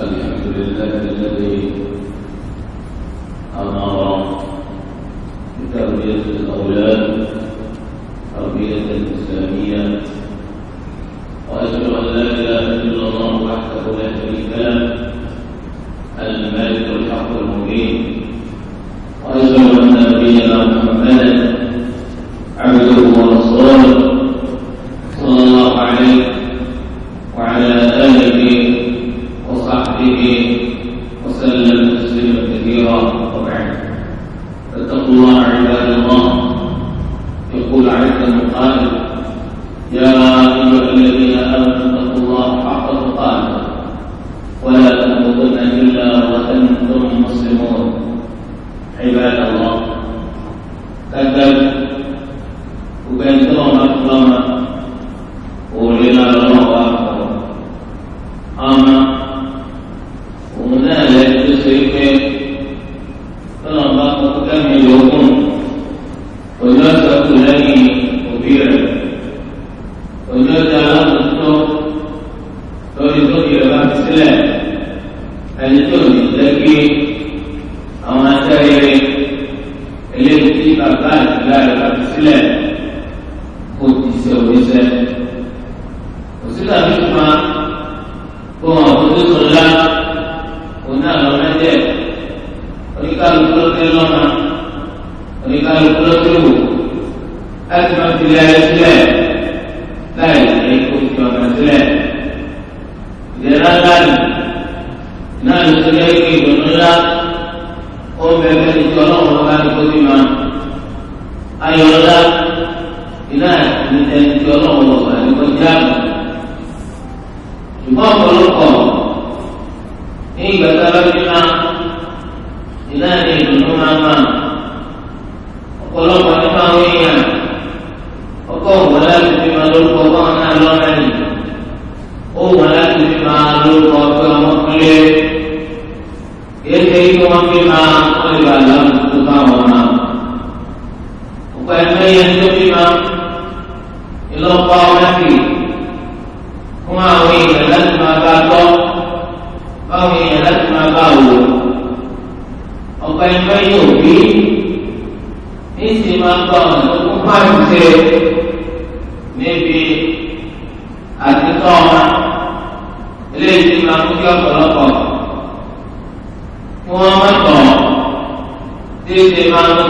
الحمد لله الذي أمر بتربية الأولاد تربية إسلامية وأشهد أن لا إله إلا الله وحده الملك jẹ́ àwọn atẹ́rẹ́rẹ́ eléyìí tí bàbá àti ìyá rẹ̀ bá ti sílẹ̀. níṣẹ́ máa ń gba ọ̀nà tó kún báyìí ṣe níbi àtúntọ́ ọmọ eléyìí ti máa mú kí ọ̀pọ̀lọpọ̀ kí wọ́n má tọ̀ níṣẹ́ máa ń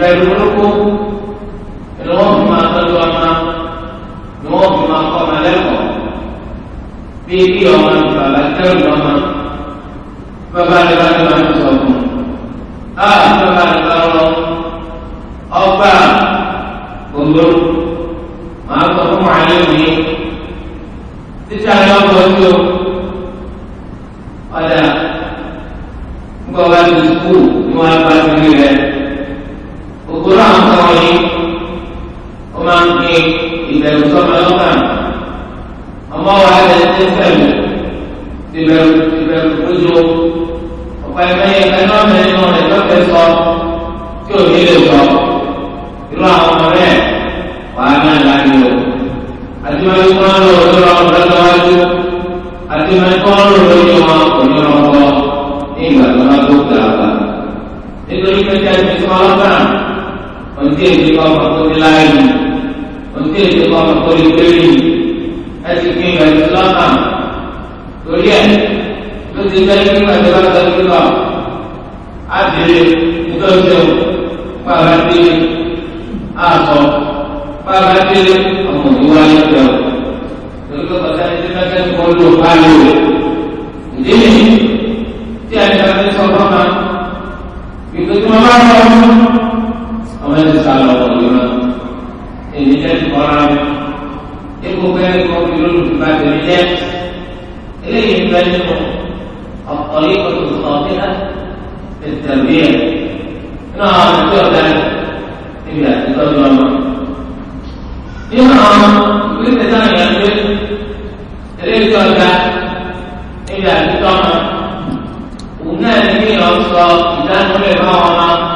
ìgbà ìlú olóko ni wọ́n fi máa tọ́jú ọmọ ni wọ́n fi máa kọ́ ọmọ lẹ́kọ̀ọ́ bí bí ọmọ ìgbàlá ìlú ọmọ bàbá rẹ̀ bá ìbẹ̀rù sọ́mọ lọ́kàn ọmọ wa rẹ̀ ti fẹ̀mí ìbẹ̀rù ìbẹ̀rù lójú ọ̀pọ̀ ẹ̀fẹ́ yẹn fẹ́ lọ́mọ ẹni wọn rẹ̀ lọ́fẹ̀ẹ́ sọ tí ò lè sọ. fáwọn ọmọ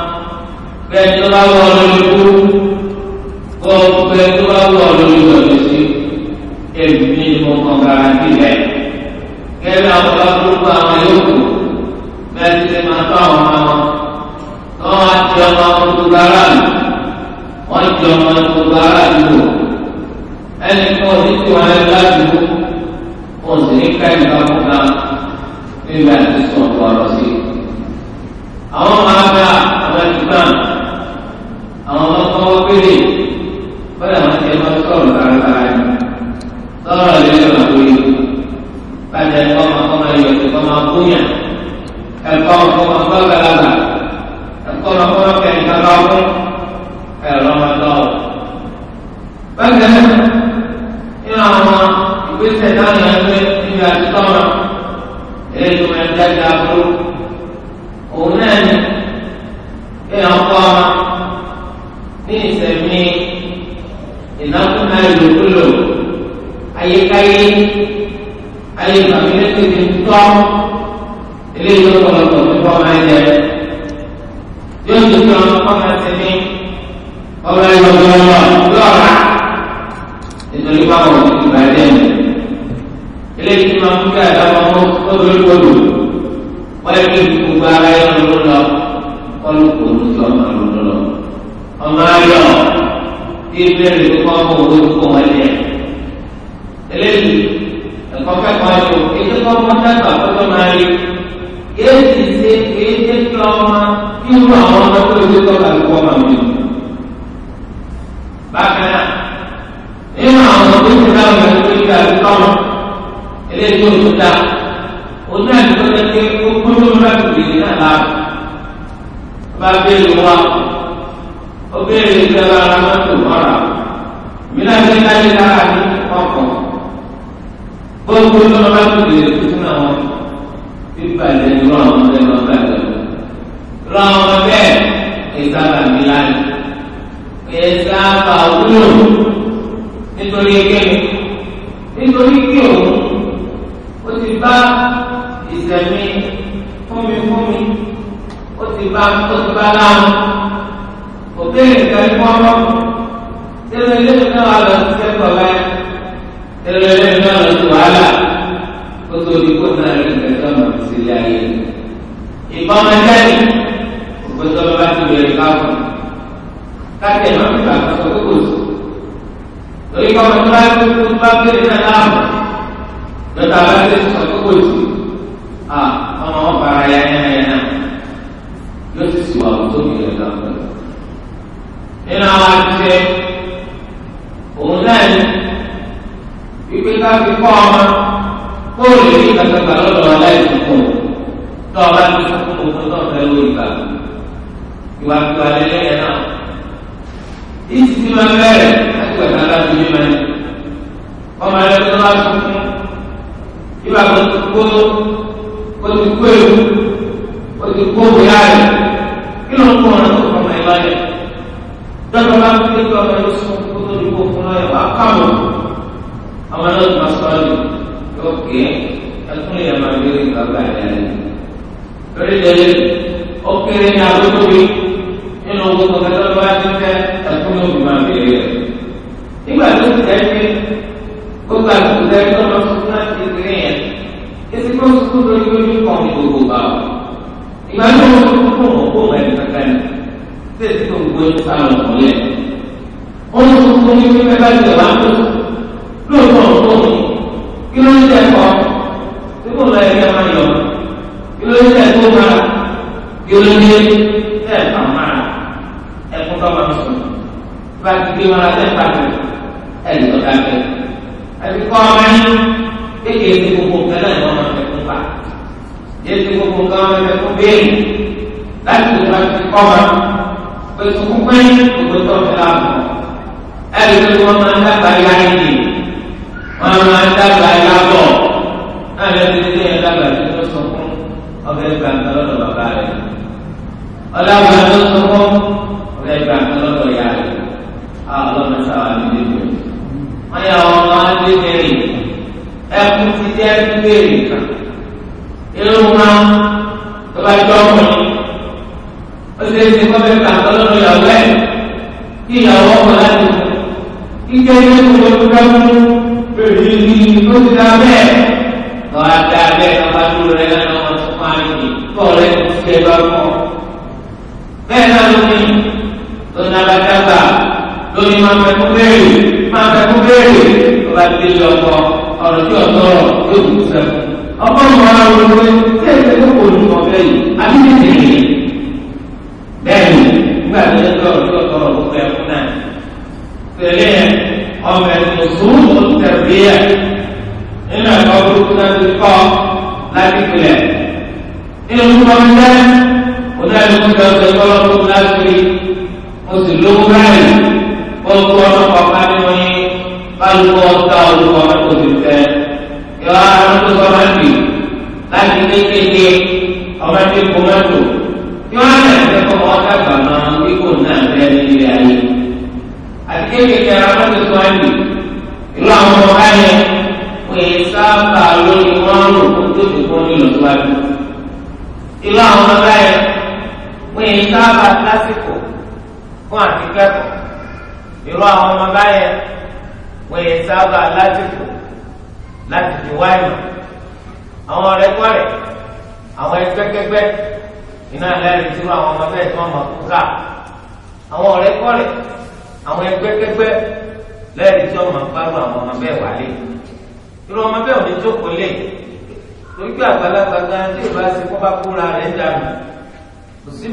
bẹ́ẹ̀ tó bá wọ lórí kú kó bẹ́ẹ̀ tó bá wọ lórí lọ́dún sí èmi ní ìfowópamọ́ gara sí rẹ̀ kẹ́lẹ́ àwọn bá burúkú àwọn yòókù bẹ́ẹ̀ ti ṣe máa fáwọn ọmọ wọn wọ́n á ti ọmọ tuntun gara lù wọ́n ti ọmọ tuntun gara lù ẹnì kan ní tiwọn ẹ̀ ládùúgbò wọ́n sì ní ká ìgbà fún náà nígbà tí sọ̀tọ̀ ọ̀rọ̀ sí i àwọn màága àwọn àdìgbà àwọn ọlọ́kọ́ péré bọ́dà wọn ti ẹ̀fọ́ sọ̀rọ̀ kárakára ni sọ̀rọ̀ lórí ọ̀nà tó yẹ kájà ẹ̀kọ́ máa kọ́ máa yọ ẹ̀kọ́ máa kúnyà ẹ̀kọ́ ọ̀kọ́ máa kọ́ gàlàgà ẹ̀kọ́ máa kọ́ máa kẹ́yìn ká bá kún ẹ̀rọ máa lọ́wọ́. bákan náà nínú àwọn ìgbésẹ̀ táwọn ẹgbẹ́ níbi àti sọ̀rọ̀ èyí tó máa ń jáde àbúrò òun náà ni kéèyàn kọ́ ọmọ ní ìsẹ̀mí ìnákúnná ìlòkulò ayékáyé ayé ìgbàmílẹ́sẹ̀ ti ń tọ́ eléyìí tó kọ̀lọ̀kọ̀ tó kọ́ máa ń jẹ yóò tó kọ́ ọmọ ìsẹ̀mí ọmọ ìlòkulò lọ́ọ̀rá nítorí báwọn ìgbà ẹ̀dẹ́ mi eléyìí tó máa ń gbé àdáwọ̀ ọmọ tó lórí wọ́n lè fi gbogbo ara yọ ló lọ kọ́lù kò ní sọ ọmọ ló lọ. ọmọ ayọ̀ tí ìbéèrè tó kọ́ ọmọ òwe kó wọn lé ẹ̀. eléyìí ẹ̀kọ́ kẹ́kọ̀ọ́ ayọ̀ ètò tó kọ́ dábàá tó tó máa rí yéé sì ṣe èyí tó tó ọmọ kí ó lọ àwọn ọmọ tó lè tó kọ́ àlùkò ọmọ mi. bákan nínú àwọn tó ti dáhùn ẹ̀kọ́ tó tọ́ eléyìí oní àdúgbò pé ó gbóló láti bèrè náà láàbù bá béèrè wá ó béèrè ìjọba ara mọ́tò mọ́ra mílíọ̀nù ṣe láyé lára ní ọkọ̀ ó gbóló láti bèrè fún àwọn bíbalẹ̀ ìrọ̀ àwọn ọmọdé lọ bàjẹ́ rọ àwọn ọmọdé ìsábà mi láàyè ìsábà wúlò nítorí ẹgbẹ́. rárá o òbí nìkan ní wọn bá tẹlẹ ilé mi náà lọ sí ẹ̀kọ́ báyìí tẹlẹ ilé mi náà lọ sí wàhálà kó tó di kó náà rí ìgbésẹ̀ ọmọ sí ilé ayé ìbọn ẹgbẹ́ ni òbí tó lọ bá ti bẹ̀rẹ̀ káfọn káàkiri máa fi bàtà sọ kókò sí torí kọ́ tó bá tó tó bá kéré náà láàbù lọ́tà bá tẹ̀sí sọ kókò sí ọmọ wọn fara yáyáyá wà lórí rẹ̀ lọ́pọ̀. nínú àwọn àtijọ́ òun náà ní wípé ká fi kọ́ ọmọ kó o lè ní ìgbàgbà lọ́dọ̀ aláìsàn kù tó o bá ti fún kókó tó tó fẹ́ lórí ìgbà ìwà ìwà lẹ́lẹ́yẹ náà. ìsì ti máa bẹ̀rẹ̀ láti wẹ̀ sára ju mímọ́ ẹ̀. ọmọ rẹ̀ tó bá tún fún ìwà kó kó kó ti kó ewu kó ti kó bóyá rẹ̀ kí ló ń kó wọn lọ́kọ̀ ọmọ ẹ̀ láyà dọ́gba bá fi kékeré ọmọ ẹ̀ sọ kó tó di kó fún láyà wà á káwọn àwọn náà tó máa sọ ọ́ lò yóò ké ẹkún yẹn máa gbé ìgbà gbà yẹn lórí ìdẹ́lẹ́ ó kéré ní agbókòwé nínú owó tó kẹta ló bá ti fẹ́ ẹkún ló fi máa gbé rẹ̀ nígbà tó ti dẹ́ pé gbogbo àgbègbè dẹ́ lọ sọ fún láti kékeré yẹn èsì ìgbà tó wọn tó pé sáwọn ìmọ̀lẹ́. ó ní tuntun ní pípẹ́ bá ti wà ní lóòótọ́ òótọ́ mi kí ló ń jẹ́ ẹ̀kọ́ tí kò lọ ẹ̀kẹ́ máa yọ kí ló ń jẹ́ ẹ̀kọ́ máa kí ló ń jẹ́ ẹ̀kọ́ máa ẹ̀kọ́ tó máa sọ bá ti gbé máa lẹ́pàá ẹ̀yìn tó dábẹ́ àti kọ́ ọmọ yín kéèké ti gbogbo kẹlẹ́ ìwọ máa fẹ́ fún láti ìwà ti kọ́ máa ètò pípé ìwé tó ń ta mọ ẹni pé wọn máa ń dábàá ya ìdè wọn máa ń dábàá ya bọ náà lẹni tí yẹn dábàá tí ó sọ fún ọbẹ gbàgbọ́ lọ́dọ̀ bàbá rẹ ọlọ́pàá tó sọ fún ọbẹ gbàgbọ́ lọ́dọ̀ ya rẹ àwọn ọlọ́pàá sábà ní ilé ìwé yà wọn máa ń lé mẹ́rin ẹkún ti jẹ béèrè kan irun máa tó lọ́dọ̀ ìyàwó ẹ̀ kí ìyàwó ọkọ láti kíkẹ́ ilé ìwé tó dájú bèrè ní ó ti dá bẹ́ẹ̀ lọ́wọ́ adá bẹ́ẹ̀ lọ́wọ́ adúlọ rẹ̀ lọ́wọ́ ọmọ tó máa ń yìí kọ́ rẹ̀ ti fi ẹ bá mọ́ bẹ́ẹ̀ náà ló ní lọ́nà alágbàgbà lórí máa fẹ́ kó béèrè máa fẹ́ kó béèrè lọ́wọ́ adúlé ọkọ ọ̀rọ̀ tí ọ̀tọ̀ yóò kú sẹ́kù ọkọ ìmọ̀ ara rẹ̀ pé ṣé ìṣẹ́ tó kò ní nígbà tó yẹ kó ọ̀rọ̀ yóò tọrọ gbogbo ẹ̀kún náà tẹ̀lé ọmọ ẹ̀sùn sùúrù tẹ̀sí ẹ̀ nínú ẹ̀kọ́ burúkú náà ti kọ́ láti pilẹ̀ nínú ìfọwọ́ jẹ́ onídàájú tó ń tẹ̀sí ọlọ́run láti rí o sì lówó báyìí ó ń kó ọ̀nà pàpà nínú yín báyìí kó ọ̀tá olùkọ́ ọ̀nà tó ti tẹ̀ yọ àwọn tó sọ máa ń bì láti kékeré ọmọdé kò mọ́tò yọ àwọn ẹ̀sẹ̀ kọ́ ọ̀tá gbàmọ́ lẹ́nu ilé ayé àti kékeré àwọn tó tó ẹ̀mí ìlú àwọn ọmọ ayé pé sábà lórí wọn rò kó tó ti kó nílò síwájú ìlú àwọn ọmọ ayé pé sábà lásìkò fún àti kẹ́kọ̀ọ́ ìlú àwọn ọmọ ayé pé sábà lásìkò láti fi wá ìmọ̀ àwọn ọ̀rẹ́ kọ́rẹ́ àwọn ẹgbẹ́kẹ́gbẹ́ iná ẹlẹ́rìí tí wọ́n àwọn ọmọ bẹ́ẹ̀ tí wọ́n mọ̀ kúkà. àwọn ọ̀rẹ́ kọ́rẹ́ àwọn ẹgbẹ́kẹ́gbẹ́ lẹ́yìn tí ọmọ gbárù àwọn ọmọ bẹ́ẹ̀ wálé irú ọmọ bẹ́ẹ̀ òní jókòó lé torí pé àgbàlagbà gan tí ìbá ṣe kó bá kóra rẹ̀ dànù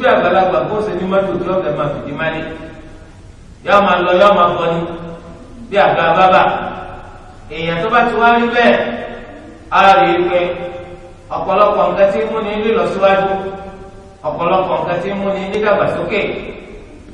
kò àgbàlagbà kó ṣe ní mọ́tò tí ọ̀fẹ́ máa fìdí má lé yọ lọ yọ bọ bí àgbà bábà èèyàn tó bá ti wá rí bẹ́ẹ̀ pé ọ̀pọ̀lọpọ̀ nǹkan tí ń múni ní ìlọsíwájú ọ̀pọ̀lọpọ̀ nǹkan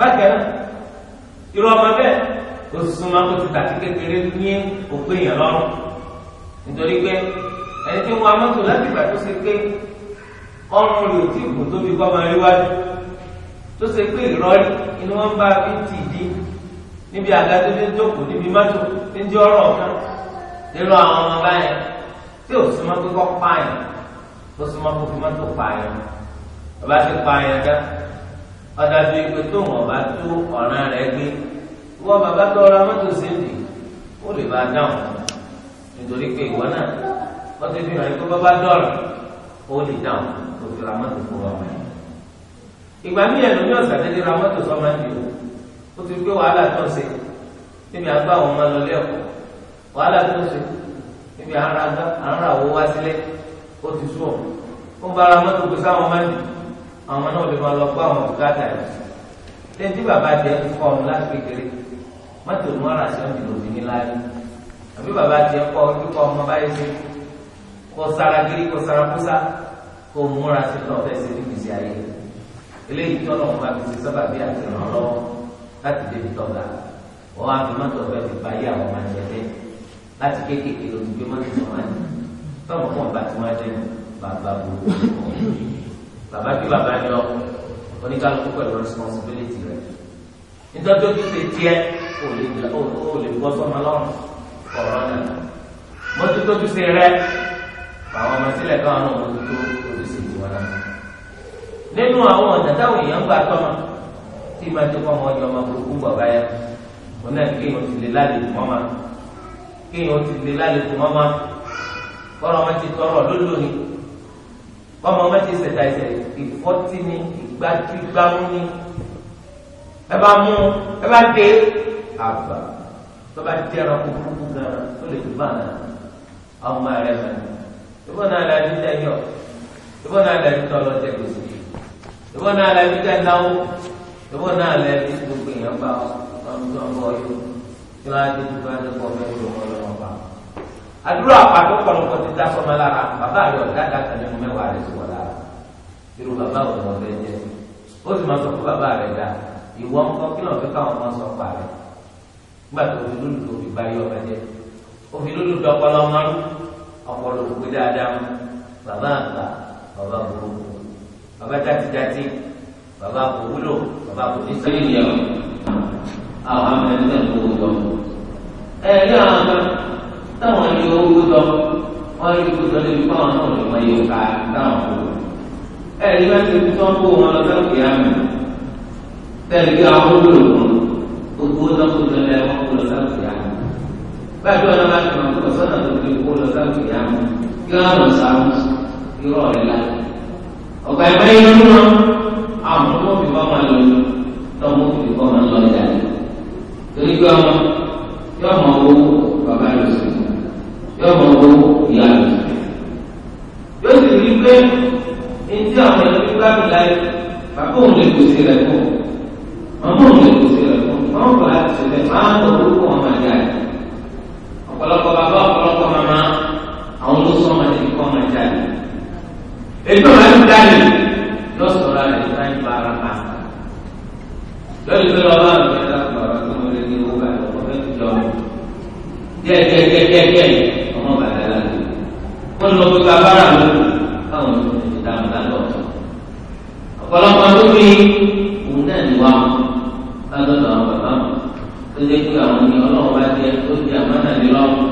bákan náà irú ọmọ bẹ́ẹ̀ kò súnmọ́ kó ti tàbí kékeré ní òpin yẹn lọ́rùn nítorí pé ẹni tí wọn amọ́tò láti ìgbà tó ṣe pé ọrùn rẹ̀ ò tí ì kò tóbi kọ́ máa rí wájú tó ṣe pé ìrọ́lì inú wọn bá fi ń tì dí níbi àga tó dé jókòó níbi mọ́tò tó ń jẹ́ ọ̀rọ̀ ọ̀kan nínú àwọn ọmọ báyẹn tí ò súnmọ́ kó kọ́ pààyàn ó súnmọ́ kó fi mọ́tò pààyàn bàbá ti pààyàn dáa ọ̀dàbí ìpè tó wọn bá tó ọ̀ràn rẹ̀ gbé wọ́n bàbá tó ra mọ́tò síndì ó lè bá dáhùn nítorí pé ìwọ náà wọ́n ti fi hàn pé bàbá dọ̀rọ̀ ó lè dáhùn tó fi ra mọ́tò fún wa wọ̀nyí. ìgbà mí ẹ̀rù ní ọ̀sán tẹ́lẹ̀ ra mọ́tò sọ́mọ́ ní o ó ti gbé wàhálà tó ń ṣe níbi àgbà àwọn ọmọ lọ lẹ́kọ̀ọ́ wàhálà tó ń ṣe níbi àrà owó wá sílẹ̀ ó ti sùn ó ń bára mọ́tò kó sáwọn máa ń àwọn náà lè máa lọ gbọ́ àwọn bùkátà yìí tẹ́tí bàbá tẹ ń kọ́ ọ̀run láti kékeré mọ́tò ní ọ̀rà sí ọ̀dì lòdì ní láyé àbí bàbá tẹ ń kọ́ kíkọ́ ọmọ báyìí sí kó sára kiri kó sára kúsá kó múra sí lọ́fẹ́ sí níbi sí ayé eléyìí tí ọlọ́run bá fi ṣe sábà bí àtìràn lọ́wọ́ láti débi tọ́ga wọ́n á fi mọ́tò ọ̀fẹ́ fi báyé àwọn máa jẹ dé láti kéékèèké lòdì gbé mọ́tò tó bàbá kí bàbá ni ọ oníkálukú pẹ̀lú responsibility rẹ̀ nítorí pípé tiẹ̀ ò lè gbà ó lè gbọ́ sọ́mọ lọ́rùn ọ̀rọ̀ náà mọ́tótó tó ṣe rẹ̀ àwọn ọmọ sílẹ̀ káwọn náà mọ́tótó ojúṣe ìwọ̀n náà nínú àwọn ọ̀nà táwọn èèyàn gbà tọ́mọ tí ìmọ̀ tó kọ́ ọmọ ọyọ ọmọ burúkú bàbá yẹn wọn náà kéèyàn ti lè lálejò mọ́mọ́ kéèyàn ti lè lálejò mọ́mọ́ kọ́ra wọn ti tọrọ lódò ni bọ́mọ ọmọ ti ṣẹ̀dá ẹsẹ̀ ìfọ́tí ni ìgbájú ìgbámú ni ẹ bá mú ẹ bá dé àbá tó bá dé ẹranko burúkú gan tó lè dùbà náà ọmọ rẹ mọ ni ìbọn náà làbí tẹ yọ ìbọn náà làbí tọ lọ tẹ gbèsè ìbọn náà làbí tẹ náwó ìbọn náà làbí gbogbo èèyàn bá wọn tó ń bọ yó kí wọn á dé tó bá dé kọ fẹ kó lọ àdúrà àkọ́kọ́ ló kọ́ ti dá sọ́mọ lára bàbá rẹ̀ ọ̀gá dàgbà nínú mẹ́wàá rẹ̀ sì wọ̀ lára irú bàbá ò lọ fẹ́ jẹ́ ó sì máa sọ fún bàbá rẹ̀ dá ìwọ ń kọ́ kí lọ́n fi káwọn ọmọ sọ pa rẹ̀ nígbà tó fi lólu tó fi báyọ̀ ọmọ jẹ́ ó fi lólu tó ọpọlọ mọ́rú ọpọlọ òkú dáadáa mú bàbá àgbà bàbá burúkú bàbá játijàti bàbá kò bàbá kò ní yẹn àwọn amẹ́rin náà ló wọ́ ẹ̀ẹ́dẹ́ àwọn táwọn yọ owó lọ wọ́n yọ owó lọ níbi báwọn náà lè wọ́n yọ ká táwọn kó. ẹ ẹ ìgbà tí wọ́n kó wọn lọ sọ́kì àmì tẹ̀lé bí àwọn olóògùn gbogbo lọ́kọ̀ tó lẹ́ wọ́n kó lọ sọ́kì àmì. báyìí wọn náà máa tẹ̀ wọn kó sọ́nà tó yóò mọ owó ìyá mi yóò sì rí pé etí àwọn ẹni gbígbá mi láyé bàbá òun lè pèsè rẹ fún màmá òun lè pèsè rẹ fún màmá òun láti ṣẹlẹ̀ máa ń lọ orúkọ ọmọ ìyá rẹ ọ̀pọ̀lọpọ̀ bàbá ọ̀pọ̀lọpọ̀ màmá àwọn ló sọ ọmọ ìdílé kọ ọmọ ìjà rẹ ètò ọmọ ìdílé dání lọsọlá rẹ ní láyé bá ara pa lórí pé lọ́wọ́ àwọn ìjọba bàbá wọ́n lọ gbé kábàrà lóko káwọn ọmọ tètè ti dáhùn lálọ́ ọ̀pọ̀lọpọ̀ tó fi òun náà ní wa lálọ́dọ̀ àwọn bàbá tó jẹ́ pé àwọn ní ọlọ́run bá jẹ́ tó di àmọ́nà ní lọ́wọ́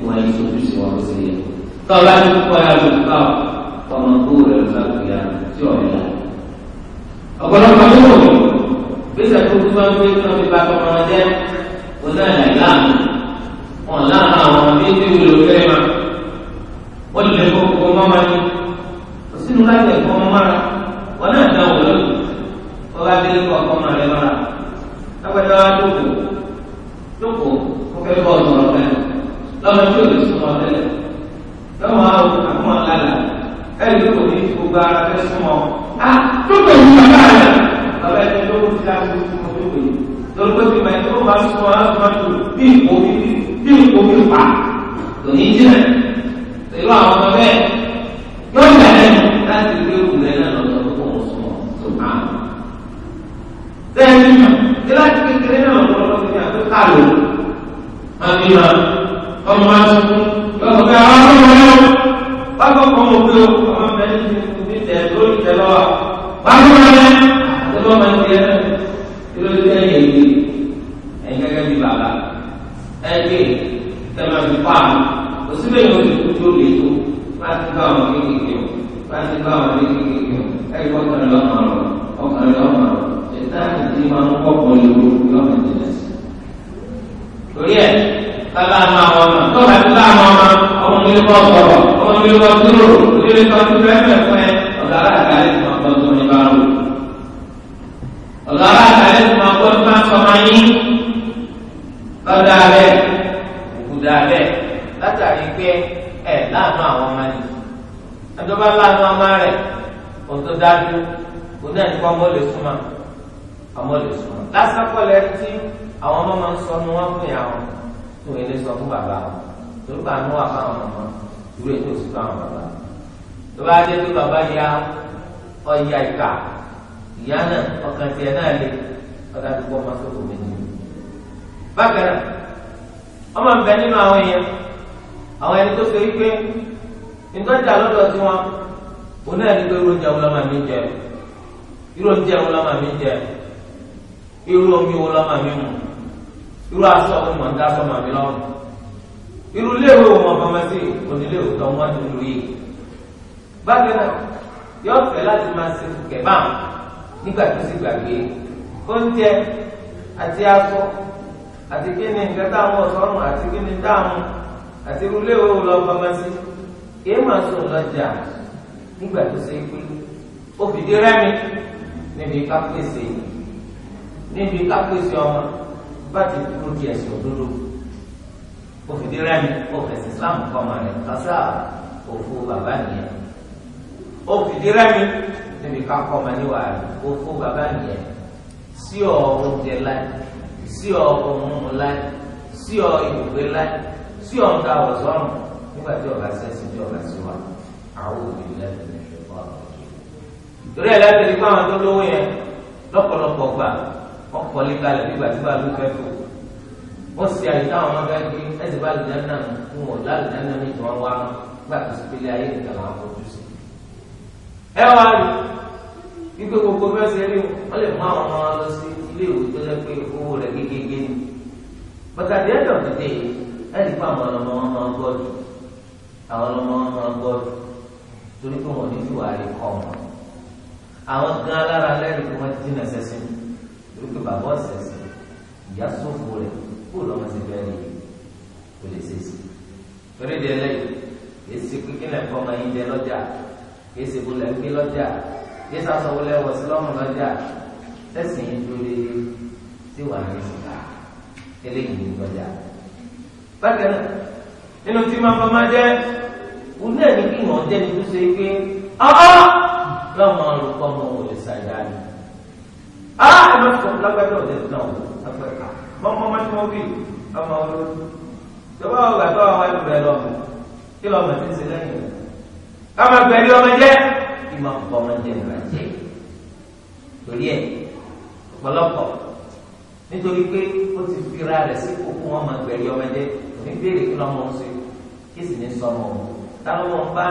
ìwà ìṣòwò sí wọn sí yẹ. tọ́ bá ti kọ́ ya lóko ká ọmọ kúrò rẹ̀ lọ́kùnrin àti ọ̀rẹ́ la. ọ̀pọ̀lọpọ̀ tó wọ̀ gbèsè tó tó bá gbé náà lè bọ́ sọ̀rọ̀ ó lè bọ́ dúró ó lè bọ́ dúró ẹ̀fẹ̀ fún ẹ ọ̀gá àgbáyé tó máa gbọ́dọ̀ ní bá wò. ọ̀gá àgbáyé tó máa gbọ́dọ̀ máa sọ máa yín lọ́dà rẹ̀ òkúta rẹ̀ látàrí pé ẹ̀ láàánú àwọn ọmọ ni. adọ́bá láàánú ọmọ rẹ̀ òun tó dájú òun náà lásán kọ́lẹ́ tí àwọn ọmọ máa ń sọ ní fún ìyá tó ilé sọ fún bàbá wọn torípa ní wà fáwọn ọmọ ìwé tó sì fáwọn bàbá tó bá dé pé bàbá ya ọ̀ya ìka ìyá náà ọkàn tiẹ̀ náà lé ọ̀dà tó kọ́ ọmọ tó kò méjì bákan náà ọmọ nbẹ nínú àwọn èèyàn àwọn ẹni tó ṣe wípé ìtọ́jà lọ́dọ̀ tí wọn òun náà ní pé oúnjẹ wo mi jẹ irú oúnjẹ wo mi jẹ irú omi wo lọ́mọ mi mu irú aṣọ wo mọ̀ ń dá sọ́mọ mi lọ́rùn irú léwu wọn kàn máa sí onílé òtọ́ wọn dúró yìí bákan náà yọ fẹ́ láti máa ṣe kẹ̀bá nígbà tó sì gbàgbé oúnjẹ àti aṣọ àti kí ni nǹkan táwọn ọ̀sọ́rùn àti kí ni táwọn àti irú léwu wọn kàn máa sí kìí máa sùn lọ́jà nígbà tó ṣe pé ó fìdí rẹ́mi níbi ká pèsè níbi ká pèsè ọmọ bá ti dúró di ẹ̀sìn òdodo òfìdí rẹmi òfìsì islam kọmọ rẹ kásá òfu bàbá nìyẹn òfìdí rẹmi níbi ká kọmọ níwà rẹ òfu bàbá nìyẹn sí ọ oúnjẹ láì sí ọ ohun láì sí ọ ibùgbé láì sí ọ nǹkan àwòsàn nígbà tí ọba sẹsì tí ọba sí wa àwọn òbí lẹ́nu ìṣẹ̀kọ́ àwọn òbí. torí ẹ̀ láti rí i pé àwọn tó lówó yẹn lọ́pọ̀lọpọ̀ gbà ọkọ̀ lé kalẹ̀ nígbà tí bá ló fẹ́ fún un wọ́n sì àyè táwọn máa bá gbé ẹ̀sìn bá lùdá náà fún wọn lálùdá náà ní ìwọ̀n wa gbà tó sì pélé ayé nìkan làwọn fojú sí. ẹ wá rí wípé gbogbo bẹ́ẹ̀ ṣe rí wọ́n lè mú àwọn ọmọ wọn lọ sí ilé ìwé tó lẹ́ pé owó rẹ̀ gégége ni. pàtàkì ẹ̀dọ̀ tètè ẹ̀sìn fún àwọn ọmọ wọn máa gbọ́dọ̀ àwọn ọmọ wọn máa gbọ́dọ̀ torí pé wọn ò ní kọ́ wọn. àwọn gan alára lẹ́rìí kó lọ́mọ sí fẹ́ rí kò lè ṣe sí. torí di ẹlẹ́yìn kìí ṣe pé kí lẹ́kọ́ ọmọ yín jẹ lọ́jà kìí ṣe kó lẹ́ gbé lọ́jà kìí sàṣọwọ́ lẹ́wọ̀ sí lọ́mọ lọ́jà tẹ̀sí yín dúró sí wà ní ìgbà eléyìí ní lọ́jà. bákan náà nínú tí máa fọmọ jẹ́ òun náà ní kí wọ́n jẹ́ ní tó ṣe pé ọ́ọ́ lọ́mọ olùkọ́ ọmọ òun ah ẹ má fi kọ́ lágbájọ́ ọ̀dẹ̀ náà lágbájọ́ mọ́mọ́mọ́ tí wọ́n wí ọmọ olóòtú ìjọba àwọn gbàgbọ́ àwọn ẹgbẹ́ lọ́mọ kí lọ́mọ ti ń ṣe lẹ́yìn rẹ̀ káma gbẹ̀rí ọmọ jẹ́ ìmọ̀ pọ̀ ọmọ jẹ́ ìgbà jẹ́ torí ẹ̀ ọ̀pọ̀lọpọ̀ nítorí pé ó ti fira rẹ̀ sí kókó wọn máa gbẹ̀rí ọmọ jẹ́ òní béèrè kí lọ́mọ ń ṣe kí sì ní sọmọ òun ta ló mọ̀ ń bá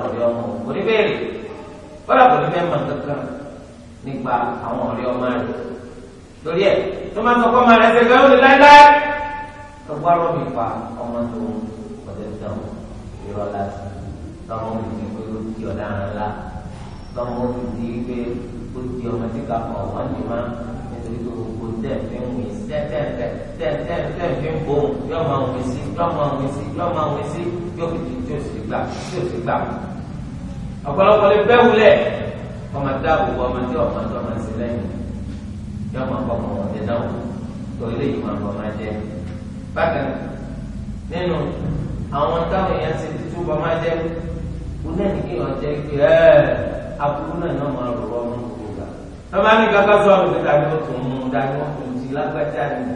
yìí ọmọ òní béèrè kọ́lá kò ní mẹ́mọ̀ tó máa sọ fọ́ọ̀mù rẹ̀ ṣe gbẹ́wò ní láíláí. ọgbọ́rọ̀ mi fa ọmọ tó ń kọjá ìdáhùn ìrọ̀ láti lọ́mọ mi ti pé ó di ọ̀daràn ńlá lọ́mọ dem, ti pé ó di ọmọ tí ká kọ̀ wọ́n ti máa nítorí pé gbogbo tẹ̀fẹ́ ń wí tẹ̀tẹ̀tẹ̀ tẹ̀tẹ̀tẹ̀ fi ń bò yọ máa wí sí yọ máa wí sí yọ máa wí sí yóò fi di tí ó sì gbà tí ó sì gbà. ọ̀pọ̀lọpọ̀ lè bẹ́ wulẹ̀ ọmọ dáàbò ọmọ tí ọmọ tó ọmọ sí lẹ́yìn yóò máa kọ́ ọmọ ọ̀dẹ náà tó ilé yìí máa bọ̀ máa jẹ. bákan nínú àwọn táwọn èèyàn ti ti túbọ̀ máa jẹ wọn náà nìkí wọn jẹ pé ẹ aburú náà náà máa rọ̀ ọmọ gbogbo gbà. wọ́n máa ní kankan sọ ọ̀rọ̀ níta ni wọ́n tún mú un dání wọ́n tún ti lágbájá ni.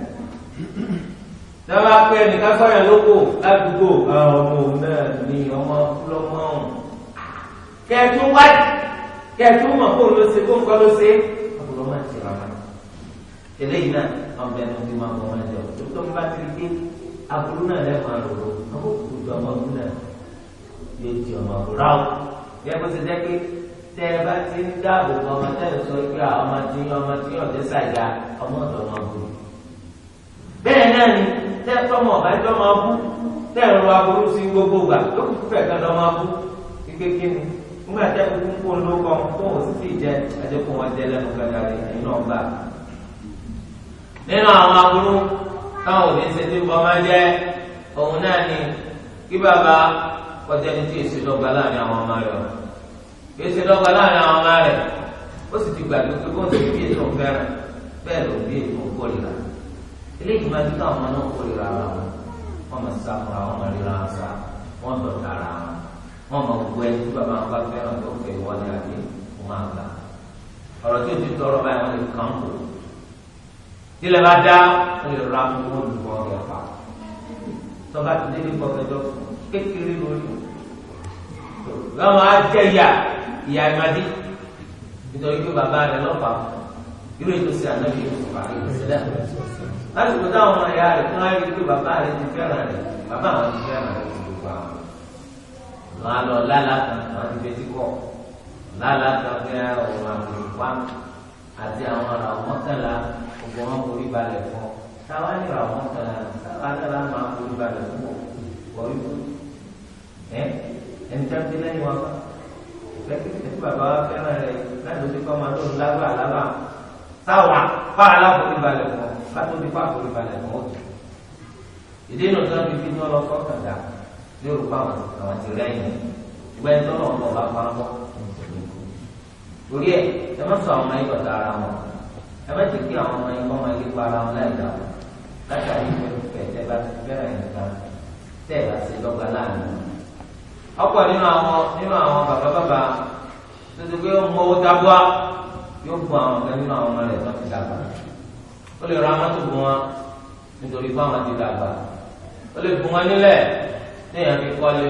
dábàá pé ẹnìkan sọ̀rọ̀ lóko ládùúgbò ọmọ náà ni ọmọ fúlọ́mọ́ ọ̀hún. kẹ́ẹ̀tún wájú kẹ́ẹ̀tún mọ̀ kó ló ṣe kó nǹkan ló ṣe é eléyìí náà ọbẹ̀ ní ti máa bọ̀ wọn jọ tó ń bá ti rí pé aburú náà lẹ́ẹ̀kan àròrò ọkọ̀ kù ju ọmọ ọdún náà yóò di ọmọ ọdún ráù bí ẹ bó ti jẹ́ pé tẹ́ ẹ bá ti ń dáàbò bọ ọmọ tẹ́ ẹ sọ pé ọmọ tí ọmọ tí ọ̀dẹ́ ṣàjà ọmọ ọ̀dọ̀ ọmọ ọdún bẹ́ẹ̀ náà ni tẹ́ ẹ tọ́mọ ọ̀bá ẹjọ́ máa bú tẹ́ ẹ rọ aburú sí gbogbo gbà tó kù fẹ́ kan lọ́ máa bú nínú àwọn aburú táwọn òbí ń ṣe tí bọ́ máa jẹ́ òun náà ni kí bàbá kọjá ní tí èsì dọ́gba láàrin àwọn ọmọ rẹ̀ kí èsì dọ́gba láàrin àwọn ọmọ rẹ̀ ó sì ti gbàgbé pé bó ń ṣe bí ètò fẹ́ràn bẹ́ẹ̀ ló bí ètò kórìíra eléyìí máa ti ká ọmọ náà kórìíra ara wọn wọ́n máa sá fúnra wọn máa ríra wọn sá wọ́n ń dọ̀tà wọn máa gbọ́ ẹ tí bàbá wọn bá fẹ́ràn tó fẹ́ wọlé àbí wọ́n máa ọ̀rọ̀ tí ti tọrọ tílẹ̀ bá dá o lè ra fún wọn lù wọn yẹn fa tọ́ba ti dé ní kọ́kẹ́jọ́ kékeré lórí lọ́wọ́ á jẹ́ ìyá ìyá ìmàdí nítorí pé bàbá rẹ̀ lọ́pàá irú ètò sí ànábì ìfọ̀pá ìrẹsílẹ̀ láti kó táwọn ọmọ ìyá rẹ̀ tó wáyé pé bàbá rẹ̀ ti fẹ́ràn rẹ̀ bàbá àwọn ti fẹ́ràn rẹ̀ ti gbogbo àwọn wọn á lọ kan wọn ti fetí kọ lálá kan fẹ́ ọ̀rọ̀ àwọn ìwà àti àwọn ọ̀rọ̀ àwọn mọ́kànlá lè wọ́n forí balẹ̀ fún ọ táwa ní ra wọn tán náà táwa náà la máa forí balẹ̀ fún ọ wọ́n yóò ẹ ẹni tí a ti lẹ́yìn wọn fa lẹ́kìtì tí bàbá wa fẹ́ràn rẹ̀ láti ó ti kọ́ máa tó ń lágbà lábà táwa fa aláforí balẹ̀ fún ọ láti ó ti fa ẹ má ti kí àwọn ọmọ yẹn kọ́ máa yí para wọn láì dà wọn látàrí ìfẹ́ tẹ́ bá ti fẹ́ràn yẹn ká tẹ́ ẹ̀ bá ti lọ́gba láàrin wọn. ọ̀pọ̀ nínú àwọn nínú àwọn bàbá bàbá tuntun pé ó mú owó dábúà yóò bu àwọn ọ̀gá nínú àwọn ọmọ rẹ̀ tó ti dàgbà ó lè ra mọ́tò bu wọn nítorí fáwọn ti dàgbà ó lè bu wọn nílẹ̀ téèyàn fi kọ́lé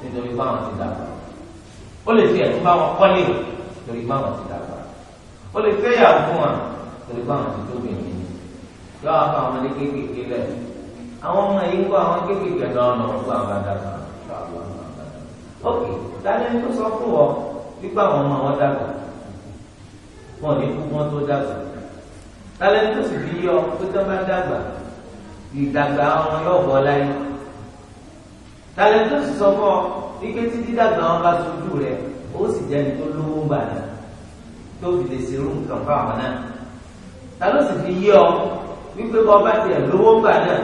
nítorí fáwọn ti dàgbà ó lè fi ẹ̀tún wọn kọ́lé nítorí fáwọn ti dàgbà ó lè fẹ́yàwó fún wọn torí pé àwọn tuntun bìnrin ni yọ akọ àwọn ọmọdé kéékèèké lẹ àwọn ọmọ yìí ń kọ àwọn kéékèèké náà lọ fún àwọn àdàgbà ok tani tó sọ fún ọ wípé àwọn ọmọ wọn dàgbà wọn ní kú wọn tó dàgbà tani tó sì fi yọ tó tẹ́ bá dàgbà ìdàgbà wọn yóò bọ́ láyé tani tó sì sọ fún ọ wípé títí dàgbà wọn bá sojú rẹ ó sì jẹ́ni tó lówó gbà náà tó fi lè ṣerú nǹkan fún náà ta ló sì fi yé ọ wípé bọ́ bá tiẹ̀ lówó ńgbà náà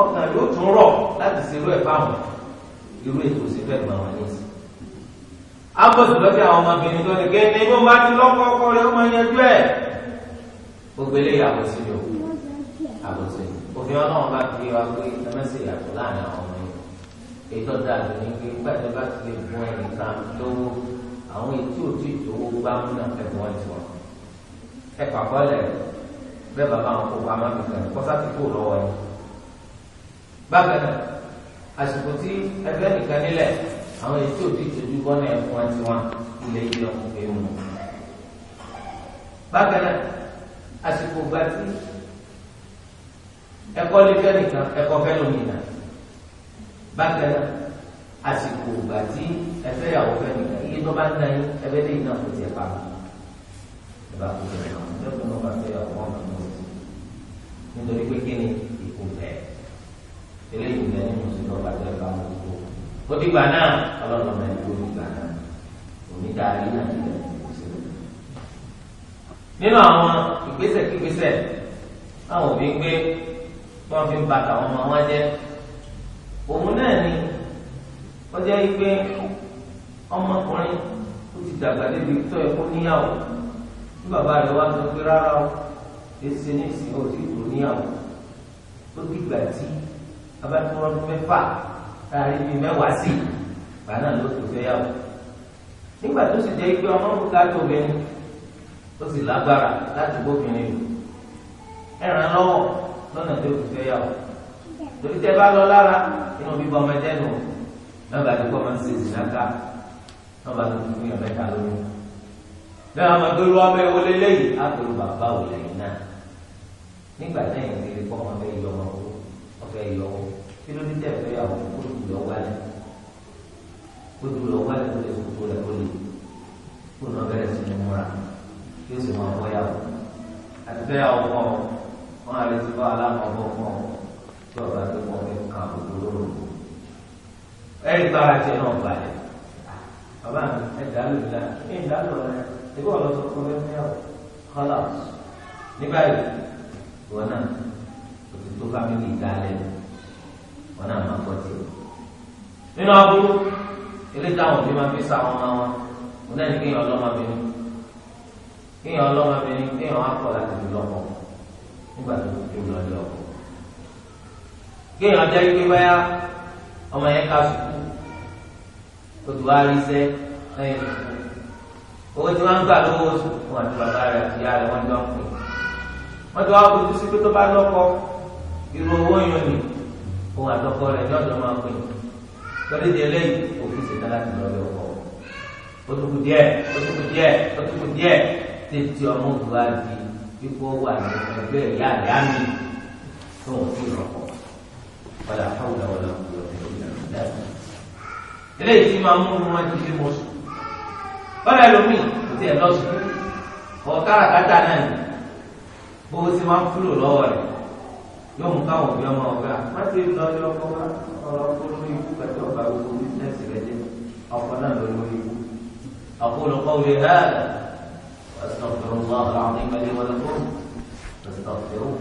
ọkàn yóò tún rọ̀ láti ṣerú ẹ̀ fáwọn irú ètò ìṣẹ́fẹ́ gbà wọn ní ìsìn. ábọ̀sì lọ́sẹ̀ àwọn ọmọbìnrin tó ní kéde bó bá ti lọ́kọ́ ọkọ rẹ̀ ọmọ yanjú ẹ̀ gbogbo eléyà àbọ̀sí yọ àbọ̀sí òfin ọlọ́run bá fi wá pé ẹmẹ́sì yàtọ̀ láàrin àwọn ọmọ yìí ètò dáàbò ní pé gbàdé bá ti lè bọ́ ẹnìkan lówó àwọn ètò òtítọ́ gbámúnà ẹ̀kọ́ ẹ̀kọ́ ẹ̀kọ́ bẹ́ẹ̀ bàbá àwọn kó pamọ́ nìkan kọ́sá ti kó lọ́wọ́ yìí. bákan náà àsìkò tí ẹgbẹ́ nìkan nílẹ̀ àwọn èyí tí ò ti tẹ̀jú bọ́nà ẹ̀fọn àti wọn ilé yìí lọ́kùn pé wọn. bákan náà àsìkò gba tí ẹ̀kọ́ lé fẹ́ nìkan ẹ̀kọ́ fẹ́ lómi nà. bákan náà àsìkò gba tí ẹfẹ́ yàwó fẹ́ nìkan nítorí pé kíni ìkó bẹ́ẹ̀ eléyìí bẹ́ẹ̀ ni mùsùlùmí ọba tó ẹ̀ bá mú tó ó dìgbà náà ọlọ́run ọmọ ẹ̀ ló dìgbà náà òní dáadé náà ti lẹ̀ nínú àwọn ìgbésẹ̀ kígbésẹ̀ táwọn òbí gbé tí wọ́n fi ń ba tàwọn ọmọ wọn jẹ́ òun náà ni ó jẹ́ pé ọmọkùnrin ó ti dàgbà débi tó ẹ̀kọ́ níyàwó tí bàbá rẹ̀ wá sọ pé rárá o èsì ní ìsìn òsì tó níyàwó ó dìgbà tí abájọ́ ọdún mẹ́fà láàrin bíi mẹ́wàá sí ìgbà náà ló tó fẹ́yàwó nígbà tó sì jẹ́ pé ọmọ òkúta tó obìnrin ó sì lágbára láti bóbìnrin lò ẹ̀ràn lọ́wọ́ lọ́nà tó fi fẹ́yàwó torí tẹ bá lọ lára inú bíbọ ọmọ ẹ̀jẹ̀ nù lọ́ba tó kọ́ máa ń ṣe ìsìnláka lọ́ba tó fi fún yàrá mẹ́ta lóyún bẹ́ẹ̀ àwọn nígbà tẹ́yìn fi kọ́ ọmọ fẹ́ yọ ọmọ kú ọfẹ́ yọ ọ kí ló dé tẹ̀fẹ́ àwọn kótó lọ wálẹ̀ kótó lọ wálẹ̀ kó lè kótó rẹ̀ kó lè kó nà bẹ̀rẹ̀ sí ní múra kí ó sì máa bọ́ yàwó àti fẹ́ yàwó kọ́ wọn àlẹ́ ti bá aláwọ̀ bọ́ kọ́ tí ọba tó kọ́ mi kà kótó lóru ẹ̀rí bá ara tiẹ̀ náà balẹ̀ bàbá mi ẹ̀dá lòdì náà ẹ̀dá lòdì náà ẹ̀dá wọn náà kami tó fámìlì dálẹ wọn náà máa pọ̀ tiẹ̀. nínú aburú ilé táwọn òbí máa fi sa àwọn ọmọ wọn wọn náà ní kéèyàn ọlọ́mọbìnrin kéèyàn ọlọ́mọbìnrin kéèyàn wá pọ̀ láti fi lọ́kọ nígbà tó fi lọ ilé ọkọ. kéèyàn jẹ́ ike báyà ọmọ yẹn ká sùkú ó ti wá rí iṣẹ́ lẹ́yìn owó tí wọ́n gbà lówó sùkú wọn àti bàbá rẹ̀ àti ìyá rẹ̀ jọ ń pè wọ́n ti wá kojú sí pé tó bá lọ́kọ irú owó yàn ni òun àtọkọ rẹ̀ ní ọ̀dọ́ máa ń pè lórí di eléyìí òfin ṣètò láti lọ lé ọkọ ó tó kù díẹ̀ ó tó kù díẹ̀ ó tó kù díẹ̀ tètè ọmọ òdùwà di ipò wà ní ẹgbẹ́ ìyá àdá mi tó ń fi rọ̀kọ̀ padà fáwọn ọ̀la òkú ọ̀tẹ̀ ìlànà dáadáa eléyìí ti máa mú wọn ti fi mọ̀ sùn bọ́lá ẹlòmíì kò tiẹ̀ lọ sùn ọ̀ káràkátà náà owó tí wọ́n kúrò lọ́wọ́ rẹ̀ yóò mú káwọn òbí ọmọ ọ̀gá wọ́n ti lọ ilé ọkọ wa ọ̀rọ̀ kó lórí jẹ́ lọ أقول قولي هذا وأستغفر الله العظيم لي ولكم فاستغفروه